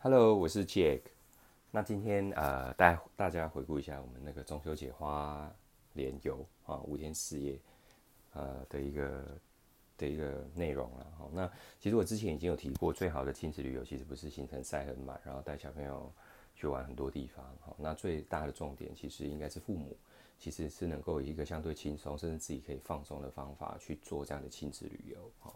Hello，我是 Jack。那今天呃，帶大家回顧一下我們那個中秋節花蓮遊啊，五天四夜呃的一個的一個內容啦。哈，那其實我之前已經有提過，最好的親子旅遊其實不是行程塞很滿，然後帶小朋友去玩很多地方。哈，那最大的重點其實應該是父母，其實是能夠有一個相對輕鬆，甚至自己可以放鬆的方法去做這樣的親子旅遊。哈，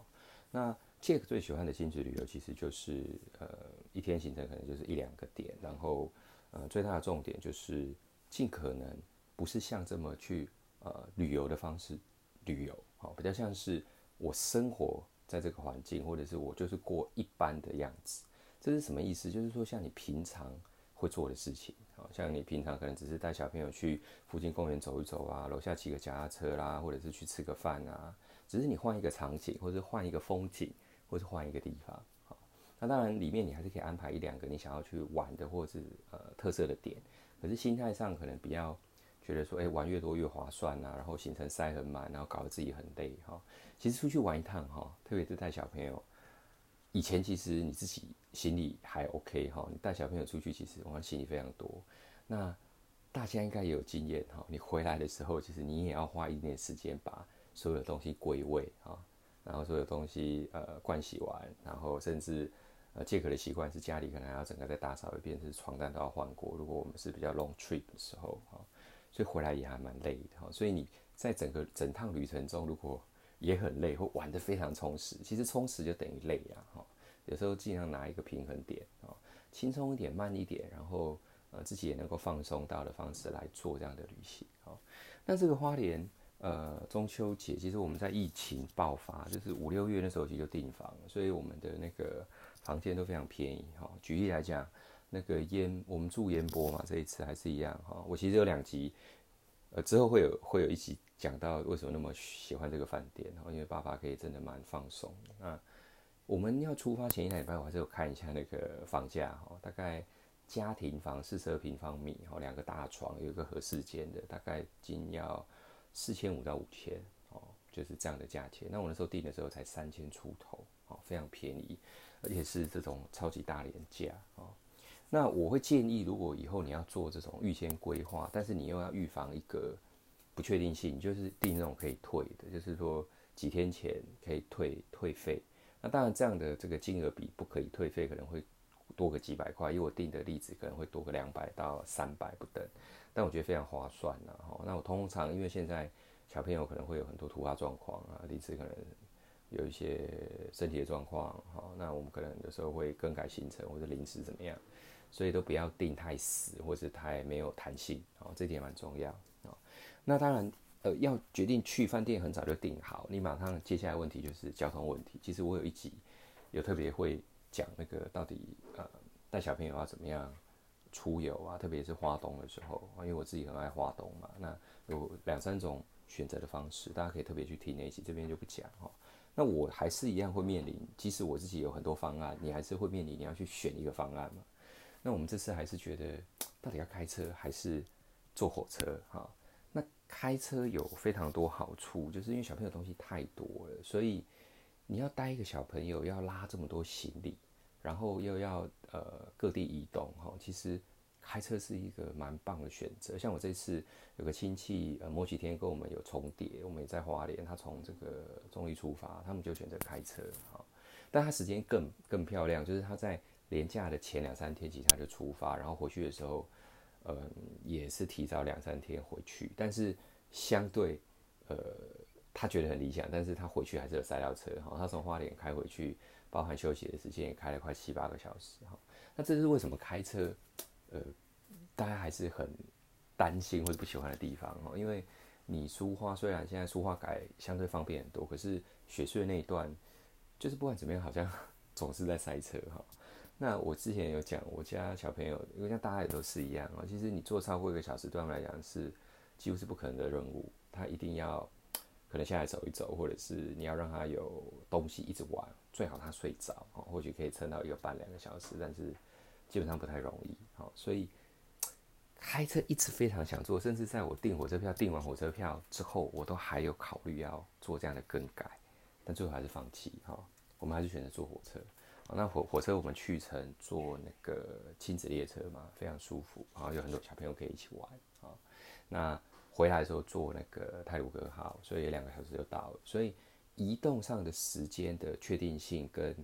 那。Jack 最喜歡的親子旅遊其實就是，呃，一天行程可能就是一兩個點，然後，呃，最大的重點就是盡可能不是像這麼去，呃，旅遊的方式旅遊，啊、哦，比較像是我生活在這個環境，或者是我就是過一般的樣子。這是什麼意思？就是說像你平常會做的事情，好、哦，像你平常可能只是帶小朋友去附近公園走一走啊，樓下騎個腳踏車啦，或者是去吃個飯啊，只是你換一個場景，或者換一個風景。或是換一個地方，好，那當然裡面你還是可以安排一兩個你想要去玩的，或是呃特色的點。可是心態上可能比較覺得說，誒，玩越多越划算吶，然後行程塞很滿，然後搞得自己很累哈。其實出去玩一趟哈，特別是帶小朋友，以前其實你自己行李還 OK 哈，你帶小朋友出去其實往往行李非常多。那大家應該也有經驗哈，你回來的時候，其實你也要花一點時間把所有的東西歸位哈。然後所有東西呃灌洗完，然後甚至呃借殼的習慣是家裡可能還要整個再打掃一遍，就是床單都要換過。如果我們是比較 long trip 的時候、哦、所以回來也還蠻累的哈、哦。所以你在整個整趟旅程中，如果也很累，或玩得非常充實，其實充實就等於累呀、啊、哈、哦。有時候盡量拿一個平衡點啊、哦，輕鬆一點，慢一點，然後呃自己也能夠放鬆到的方式來做這樣的旅行。哦、那這個花蓮。呃，中秋節其實我們在疫情爆發，就是五六月那時候其實就訂房，所以我們的那個房間都非常便宜哈、哦。舉例來講，那個煙，我們住煙波嘛，這一次還是一樣哈、哦。我其實有兩集，呃，之後會有會有一集講到為什麼那麼喜歡這個飯店，然後、哦、因為爸爸可以真的蠻放鬆。那我們要出發前一兩禮拜，我還是有看一下那個房價哈、哦，大概家庭房四十二平方米，然後兩個大床，有一個和室間的，大概僅要。四千五到五千哦，就是這樣的價錢。那我那時候訂的時候才三千出頭哦，非常便宜，而且是這種超級大廉價哦。那我會建議，如果以後你要做這種預先規劃，但是你又要預防一個不確定性，就是訂那種可以退的，就是說幾天前可以退退費。那當然這樣的這個金額比不可以退費可能會。多個幾百塊，因為我定的例子，可能會多個兩百到三百不等，但我覺得非常划算呢、啊哦。那我通常因為現在小朋友可能會有很多突發狀況啊，例子可能有一些身體的狀況，吼、哦，那我們可能有時候會更改行程或者臨時怎麼樣，所以都不要定太死或是太沒有彈性，哦，這點蠻重要啊、哦。那當然，呃，要決定去飯店很早就定好，你馬上接下來問題就是交通問題。其實我有一集有特別會。講那個到底呃帶小朋友要怎麼樣出遊啊？特別是花東的時候，因為我自己很愛花東嘛。那有兩三種選擇的方式，大家可以特別去聽那一集，這邊就不講哈。那我還是一樣會面臨，即使我自己有很多方案，你還是會面臨你要去選一個方案嘛。那我們這次還是覺得到底要開車還是坐火車哈？那開車有非常多好處，就是因為小朋友東西太多了，所以你要帶一個小朋友要拉這麼多行李，然後又要呃各地移動哈、哦，其實開車是一個蠻棒的選擇。像我這次有個親戚，呃，某幾天跟我們有重疊，我們也在花蓮，他從這個中壢出發，他們就選擇開車哈、哦。但他時間更更漂亮，就是他在連假的前兩三天起他就出發，然後回去的時候，嗯、呃，也是提早兩三天回去。但是相對，呃，他覺得很理想，但是他回去還是有塞到車哈、哦。他從花蓮開回去。包含休息的時間也開了快七八個小時哈，那這是為什麼開車呃，大家還是很擔心或者不喜歡的地方哈，因為你蘇花雖然現在，蘇花改相對方便很多，可是雪隧的那一段就是不管怎麼樣好像總是在塞車哈。那我之前有講我家小朋友，因為像大家也都是一樣啊，其實你坐超過一個小時，對他們來講是幾乎是不可能的任務，他一定要可能下來走一走，或者是你要讓他有東西一直玩。最好他睡着，或許可以撐到一個半兩個小時，但是基本上不太容易。好，所以開車一直非常想做，甚至在我訂火車票訂完火車票之後，我都還有考慮要做這樣的更改，但最後還是放棄。好，我們還是選擇坐火車。那火火車我們去程坐那個親子列車嘛，非常舒服，然後有很多小朋友可以一起玩。好，那回來的時候坐那個太魯閣號，所以兩個小時就到了。所以。移動上的時間的確定性跟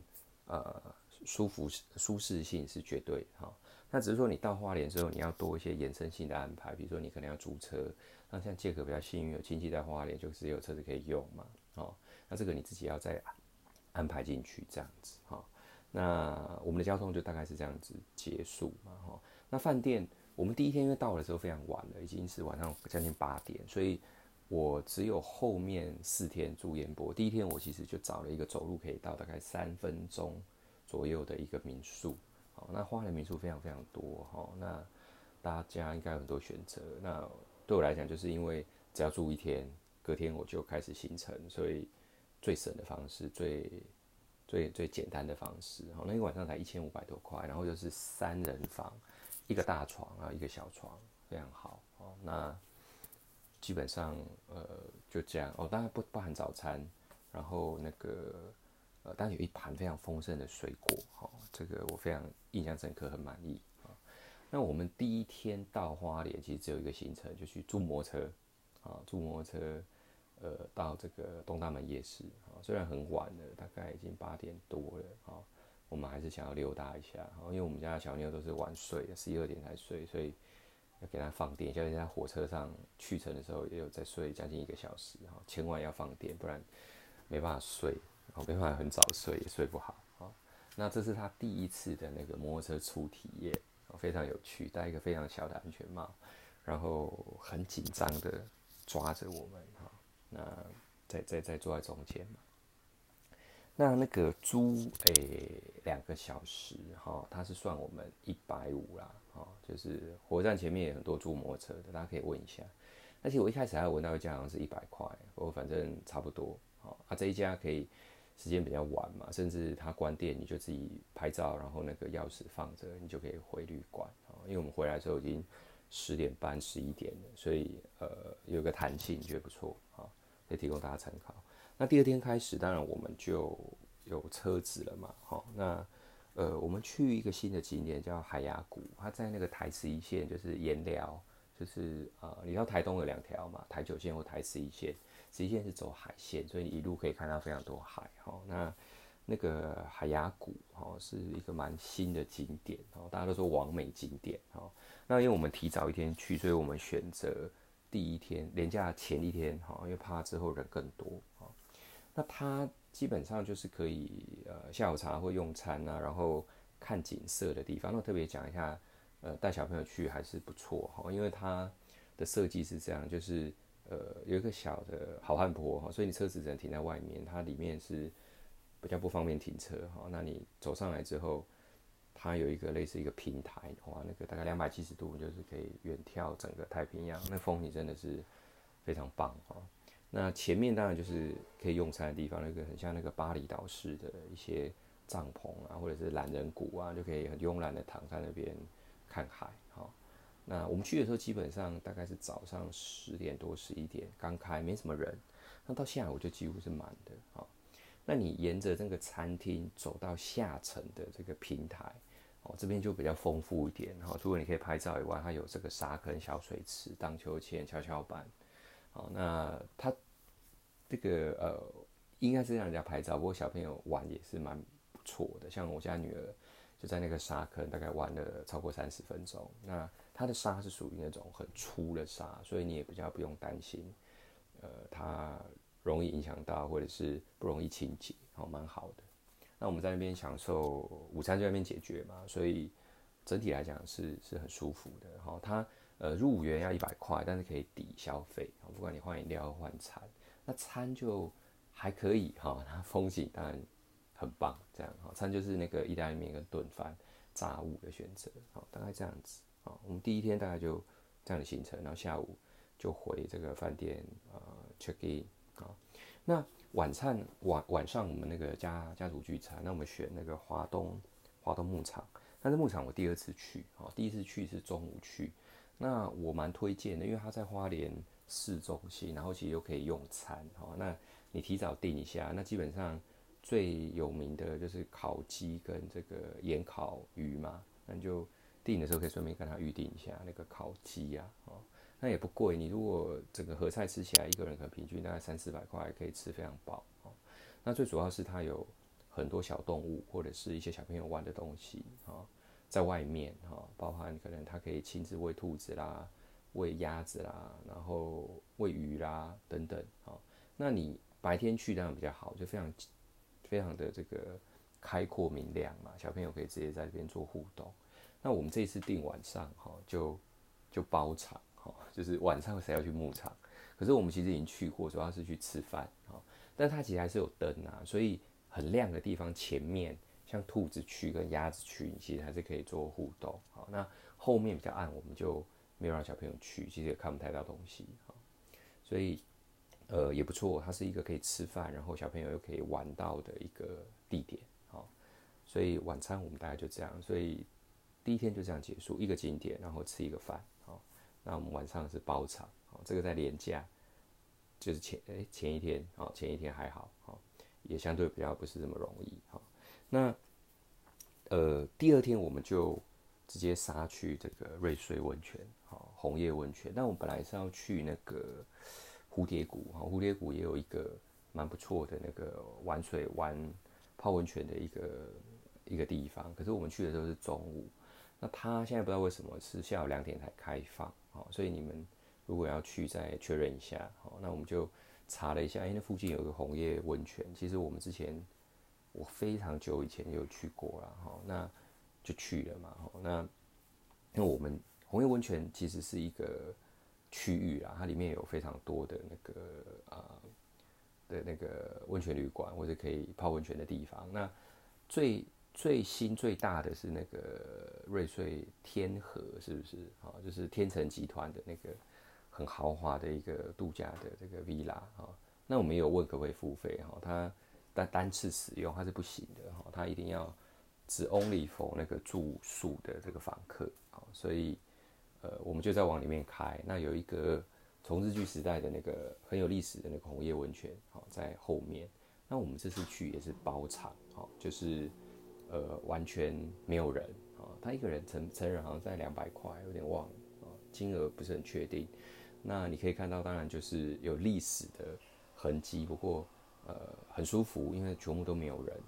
呃舒服舒適性是絕對的哈，那只是說你到花蓮之後，你要多一些延伸性的安排，比如說你可能要租車，那像傑克比較幸運有親戚在花蓮，就是有車子可以用嘛，哦，那這個你自己要再安、安排進去這樣子哈，那我們的交通就大概是這樣子結束嘛哈，那飯店我們第一天因為到的時候非常晚了，已經是晚上將近八點，所以。我只有後面四天住煙波，第一天我其實就找了一個走路可以到大概三分鐘左右的一個民宿。那花蓮民宿非常非常多哈，那大家應該有很多選擇。那對我來講，就是因為只要住一天，隔天我就開始行程，所以最省的方式，最最最簡單的方式，那一晚上才一千五百多塊，然後就是三人房，一個大床，然後一個小床，非常好，好那。基本上，呃，就這樣哦。當然不包含早餐，然後那個，呃，當然有一盤非常豐盛的水果哈，哦。這個我非常印象深刻，很滿意啊，哦。那我們第一天到花蓮其實只有一個行程，就去租摩車，啊，哦，租摩車，呃，到這個東大門夜市啊，哦。雖然很晚了，大概已經八點多了啊，哦，我們還是想要溜達一下。哦，然後因為我們家小妞都是晚睡，十一二點才睡，所以。要給他放電，就像在火車上去程的時候，也有在睡將近一個小時，哈，千萬要放電，不然沒辦法睡，然後沒辦法很早睡也睡不好，那這是他第一次的那個摩托車初體驗，非常有趣，戴一個非常小的安全帽，然後很緊張的抓着我們，哈，那在在在坐在中間，那那個租，誒，兩個小時，哈，他是算我們一百五啦。就是火車站前面也很多租摩托車的，大家可以問一下。而且我一開始還聞到一家好像是一百塊，不過我反正差不多。啊這一家可以時間比較晚嘛，甚至他關店，你就自己拍照，然後那個鑰匙放着，你就可以回旅館。啊，因為我們回來的時候已經十點半、十一點了，所以呃有一個彈性，覺得不錯。啊，可以提供大家參考。那第二天開始，當然我們就有車子了嘛。好，那。呃，我們去一個新的景點，叫海崖谷。它在那個台十一線就，就是鹽寮，就是呃，你知道台東有兩條嘛，台九線或台十一線。十一線是走海線，所以一路可以看到非常多海哈、哦。那那個海崖谷哈、哦，是一個蠻新的景點，然、哦、後大家都說網美景點哈、哦。那因為我們提早一天去，所以我們選擇第一天，連假前一天哈、哦，因為怕之後人更多啊、哦。那它。基本上就是可以，呃，下午茶或用餐啊，然後看景色的地方。那我特別講一下，呃，帶小朋友去還是不錯哈、哦，因為它的設計是這樣，就是呃有一個小的好漢坡哈、哦，所以你車子只能停在外面，它裡面是比較不方便停車哈、哦。那你走上來之後，它有一個類似一個平台哇、哦，那個大概兩百七十度，就是可以遠眺整個太平洋，那風景真的是非常棒哈。哦那前面當然就是可以用餐的地方，那個很像那個巴厘島式的一些帳篷啊，或者是懶人谷啊，就可以很慵懶的躺在那邊看海哈、哦。那我們去的時候基本上大概是早上十點多十一點剛開，沒什麼人。那到下午就幾乎是滿的哈、哦。那你沿着這個餐廳走到下層的這個平台，哦，這邊就比較豐富一點哈、哦。除了你可以拍照以外，它有這個沙坑、小水池、盪秋千、蹺蹺板。好，那他這個呃，應該是讓人家拍照，不過小朋友玩也是蠻不錯的。像我家女兒就在那個沙坑，大概玩了超過三十分鐘。那他的沙是屬於那種很粗的沙，所以你也比較不用擔心，呃，它容易影響到或者是不容易清潔，然後蠻好的。那我們在那邊享受午餐就在那邊解決嘛，所以整體來講是是很舒服的。然後它。他呃，入園要一百塊，但是可以抵消費啊。不管你換飲料換餐，那餐就還可以哈、哦。那風景當然很棒，這樣哈、哦，餐就是那個意大利麵跟燉飯、炸物的選擇，好、哦，大概這樣子啊、哦。我們第一天大概就這樣的行程，然後下午就回這個飯店啊、呃、check in 啊、哦。那晚餐晚晚上我們那個家家族聚餐，那我們選那個華東華東牧場，但是牧場我第二次去啊、哦，第一次去是中午去。那我蠻推薦的，因為它在花蓮市中心，然後其實又可以用餐。好、哦，那你提早訂一下，那基本上最有名的就是烤雞跟這個鹽烤魚嘛。那你就訂的時候可以順便跟他預定一下那個烤雞啊、哦，那也不貴。你如果整個合菜吃起來，一個人可能平均大概三四百塊，可以吃非常飽、哦。那最主要是它有很多小動物或者是一些小朋友玩的東西，啊、哦。在外面哈、哦，包含可能他可以親自餵兔子啦，餵鴨子啦，然後餵魚啦等等哈、哦。那你白天去當然比較好，就非常非常的這個開闊明亮嘛，小朋友可以直接在這邊做互動。那我們這次定晚上哈、哦，就就包場哈、哦，就是晚上誰要去牧場？可是我們其實已經去過，主要是去吃飯哈、哦，但它其實還是有燈啊，所以很亮的地方前面。像兔子區跟鴨子區，你其實還是可以做互動。好，那後面比較暗，我們就沒有讓小朋友去，其實也看不太到東西。好，所以呃也不錯，它是一個可以吃飯，然後小朋友又可以玩到的一個地點。好，所以晚餐我們大概就這樣，所以第一天就這樣結束一個景點，然後吃一個飯。好，那我們晚上是包場，好，這個在連假，就是前、欸、前一天，好、哦、前一天還好，好、哦、也相對比較不是這麼容易，哦那，呃，第二天我們就直接殺去這個瑞穗溫泉，紅葉溫泉。那我們本來是要去那個蝴蝶谷，哈，蝴蝶谷也有一個蠻不錯的那個玩水、玩泡溫泉的一個一個地方。可是我們去的時候是中午，那它現在不知道為什麼是下午兩點才開放，好，所以你們如果要去，再確認一下。好，那我們就查了一下，因為附近有一個紅葉溫泉，其實我們之前。我非常久以前有去過了哈，那就去了嘛。那那我們紅葉溫泉其實是一個區域啦，它裡面有非常多的那個啊、呃、的那個溫泉旅館或者可以泡溫泉的地方。那最最新最大的是那個瑞穗天合是不是？哈，就是天成集團的那個很豪華的一個度假的這個 villa 哈。那我們有問可不可以付費哈，它。那單次使用它是不行的哈、哦，它一定要只 only for 那個住宿的這個房客啊、哦，所以呃我們就在往裡面開。那有一個從日據時代的那個很有歷史的那個紅葉溫泉、哦、在後面。那我們這次去也是包場、哦、就是呃完全沒有人啊，他、哦、一個人成成人好像在兩百塊，有點忘了啊、哦，金額不是很確定。那你可以看到，當然就是有歷史的痕跡，不過。呃，很舒服，因為全部都沒有人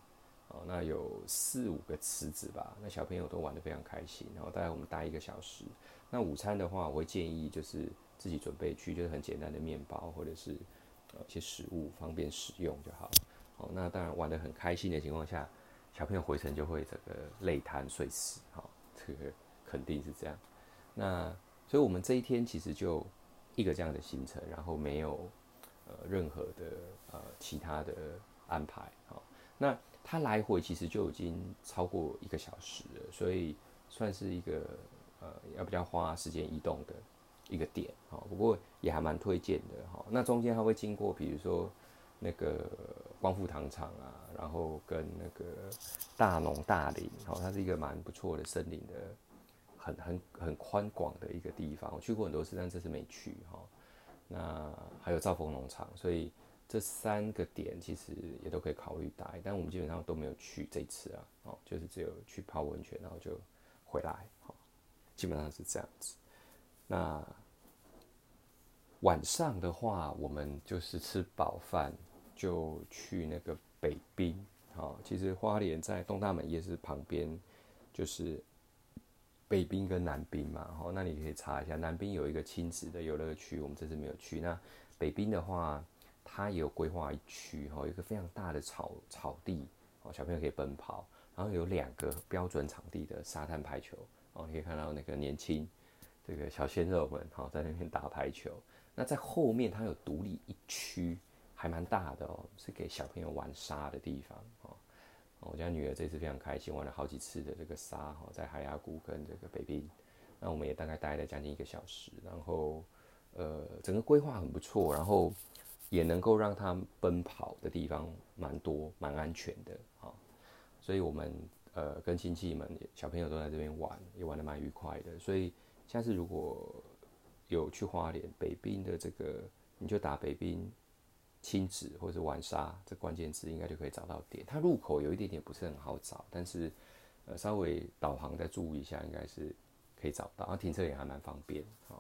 哦。那有四五個池子吧，那小朋友都玩得非常開心。然後大概我們待一個小時。那午餐的話，我會建議就是自己準備去，就是很簡單的麵包或者是呃一些食物，方便使用就好。哦，那當然玩得很開心的情況下，小朋友回程就會整個累癱睡死，好，這個肯定是這樣。那所以我們這一天其實就一個這樣的行程，然後沒有。任何的呃其他的安排好、哦，那它來回其實就已經超過一個小時了，所以算是一個呃要比較花時間移動的一個點啊、哦。不過也還蠻推薦的哈、哦。那中間它會經過，比如說那個光復糖廠啊，然後跟那個大農大林，好、哦，它是一個蠻不錯的森林的，很很很寬廣的一個地方。我去過很多次，但這次沒去哈。哦那還有兆豐農場，所以這三個點其實也都可以考慮待，但我們基本上都沒有去這一次啊，哦，就是只有去泡溫泉，然後就回來、哦，基本上是這樣子。那晚上的話，我們就是吃飽飯就去那個北濱，好、哦，其實花蓮在東大門夜市旁邊，就是。北濱跟南濱嘛，然後那你可以查一下，南濱有一個親子的遊樂區，我們這次沒有去。那北濱的話，它也有規劃一區，哈，有一個非常大的草草地，哦，小朋友可以奔跑，然後有兩個標準場地的沙灘排球，哦，你可以看到那個年輕這個小鮮肉們，哈，在那邊打排球。那在後面它有獨立一區，還蠻大的哦，是給小朋友玩沙的地方。我家女兒這次非常開心，玩了好幾次的這個沙，在海牙谷跟這個北濱，那我們也大概待了將近一個小時，然後呃，整個規劃很不錯，然後也能夠讓她奔跑的地方蠻多，蠻安全的啊，所以我們呃跟親戚們小朋友都在這邊玩，也玩得蠻愉快的，所以下次如果有去花蓮北濱的這個，你就打北濱。親子或者是玩沙，這關鍵字應該就可以找到點。它入口有一點點不是很好找，但是、呃、稍微導航再注意一下，應該是可以找到。然後、啊、停車也還蠻方便，哦。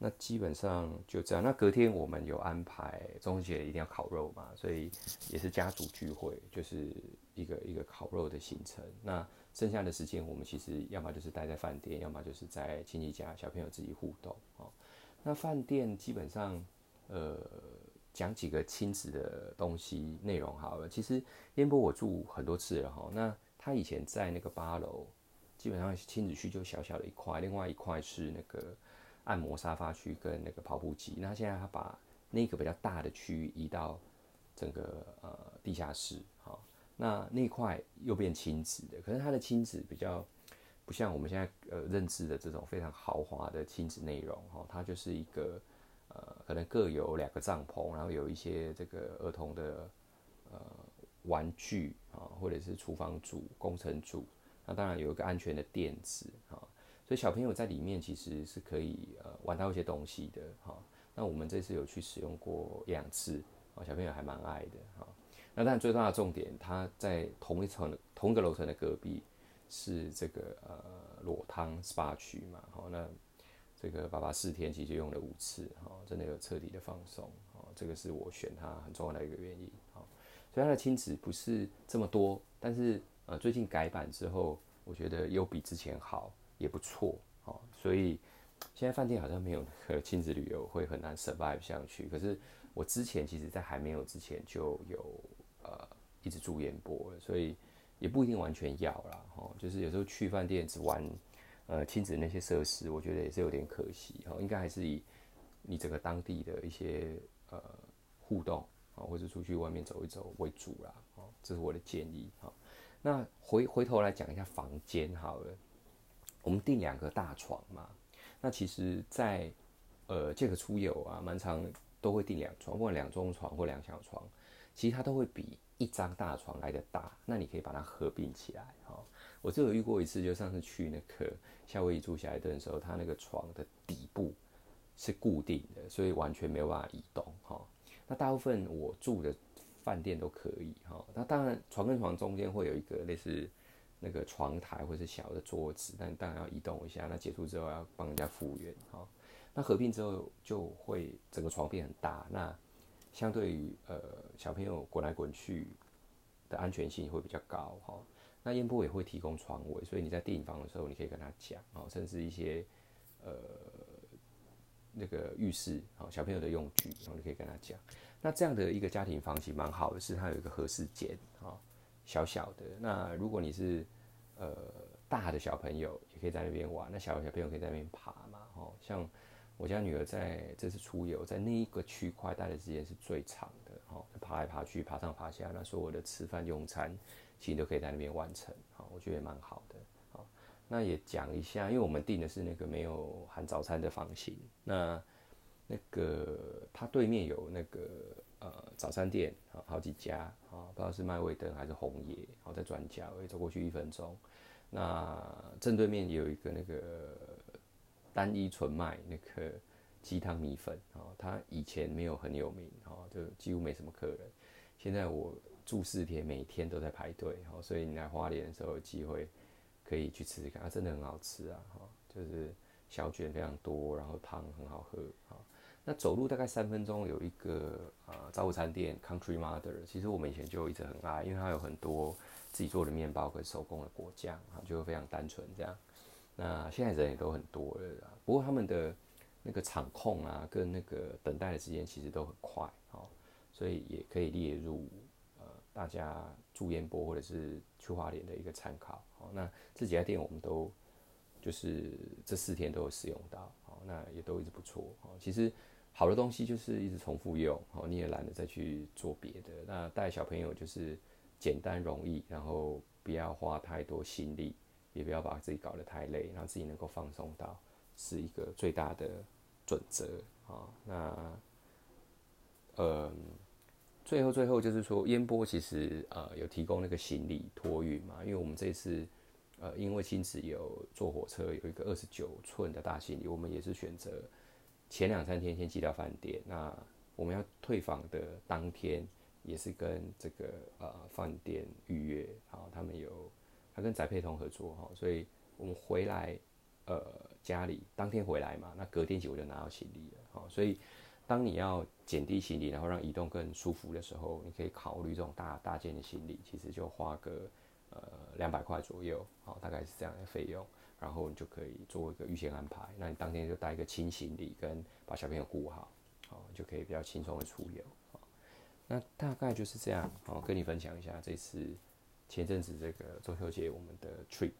那基本上就這樣。那隔天我們有安排中秋一定要烤肉嘛，所以也是家族聚會，就是一個一個烤肉的行程。那剩下的時間我們其實要麼就是待在飯店，要麼就是在親戚家，小朋友自己互動，哦。那飯店基本上呃。講幾個親子的東西內容好了，其實煙波我住很多次了哈。那他以前在那個八樓，基本上親子區就小小的一塊，另外一塊是那個按摩沙發區跟那個跑步機。那現在他把那個比較大的區域移到整個呃地下室哈，那那塊又變親子的。可是他的親子比較不像我們現在呃認知的這種非常豪華的親子內容哈，它就是一個。呃，可能各有兩個帳篷，然後有一些這個兒童的呃玩具啊、哦，或者是廚房組、工程組，那當然有一個安全的墊子、哦、所以小朋友在裡面其實是可以呃玩到一些東西的哈、哦。那我們這次有去使用過兩次啊、哦，小朋友還蠻愛的哈、哦。那當然最大的重點，它在同一層、同一個樓層的隔壁是這個呃裸湯 SPA 區嘛，好、哦、那。這個爸爸四天其實就用了五次哈、哦，真的有徹底的放鬆哦，這個是我選它很重要的一個原因、哦、所以他的親子不是這麼多，但是呃最近改版之後，我覺得又比之前好也不錯、哦、所以現在飯店好像沒有，親子旅遊會很難 survive 下去。可是我之前其實，在還沒有之前就有呃一直住演播所以也不一定完全要啦。哦、就是有時候去飯店只玩。呃，親子那些設施，我覺得也是有點可惜哦。應該還是以你整個當地的一些呃互動啊、哦，或者出去外面走一走為主啦。哦、這是我的建議。哦、那回回頭來講一下房間好了。我們訂兩個大床嘛。那其實在，在呃，這個出遊啊，蠻常都會訂兩床，或兩中床，或兩小床。其實它都會比一張大床來得大。那你可以把它合併起來哈。哦我就有遇過一次，就上次去那個夏威夷住下一頓的，的時候，他那個床的底部是固定的，所以完全沒有辦法移動哈。那大部分我住的飯店都可以哈。那當然，床跟床中間會有一個類似那個床台或是小的桌子，但當然要移動一下。那結束之後要幫人家復原哈。那合併之後就會整個床變很大，那相對於呃小朋友滾來滾去的安全性會比較高哈。那煙波也會提供床位，所以你在訂房的時候，你可以跟他講哦，甚至一些呃那個浴室哦，小朋友的用具，然後你可以跟他講。那這樣的一個家庭房型蠻好的，是它有一個和室間，哦，小小的。那如果你是呃大的小朋友，也可以在那邊玩。那小小朋友可以在那邊爬嘛，哦，像我家女兒在這次出遊，在那一個區塊待的時間是最長的。好，爬來爬去，爬上爬下，那所有的吃飯用餐，其實都可以在那邊完成。好，我覺得也蠻好的。好，那也講一下，因為我們訂的是那個沒有含早餐的房型。那那個它對面有那個呃早餐店，好，好幾家啊，不知道是麥味登還是紅葉。然後在轉角，我也走過去一分鐘。那正對面有一個那個單一純賣那個。雞湯米粉、哦，它以前沒有很有名、哦，就幾乎沒什麼客人。現在我住四天，每天都在排隊、哦，所以你來花蓮的時候有機會可以去吃吃看，它、啊、真的很好吃啊、哦，就是小卷非常多，然後湯很好喝、哦，那走路大概三分鐘有一個呃早午餐店 Country Mother，其實我們以前就一直很愛，因為它有很多自己做的麵包跟手工的果醬，哈、哦，就非常單純這樣。那現在人也都很多了，不過他們的。那個場控啊，跟那個等待的時間其實都很快、哦、所以也可以列入呃大家住煙波或者是去花蓮的一個參考、哦、那這幾家店我們都就是這四天都有使用到、哦、那也都一直不錯、哦、其實好的東西就是一直重複用、哦、你也懶得再去做別的。那帶小朋友就是簡單容易，然後不要花太多心力，也不要把自己搞得太累，讓自己能夠放鬆到。是一個最大的準則啊、哦。那呃，最後最後就是說，煙波其實呃有提供那個行李託運嘛，因為我們這次呃，因為親子有坐火車，有一個二十九寸的大行李，我們也是選擇前兩三天先寄到飯店。那我們要退房的當天，也是跟這個呃飯店預約，好、哦，他們有他跟宅配通合作哈、哦，所以我們回來呃。家裡當天回來嘛，那隔天起我就拿到行李了。哦、所以當你要減低行李，然後讓移動更舒服的時候，你可以考慮這種大大件的行李，其實就花個呃兩百塊左右、哦，大概是這樣的費用，然後你就可以做一個預先安排。那你當天就帶一個輕行李，跟把小朋友顧好，好、哦，就可以比較輕鬆的出遊、哦。那大概就是這樣，好、哦，跟你分享一下這一次前陣子這個中秋節我們的 trip。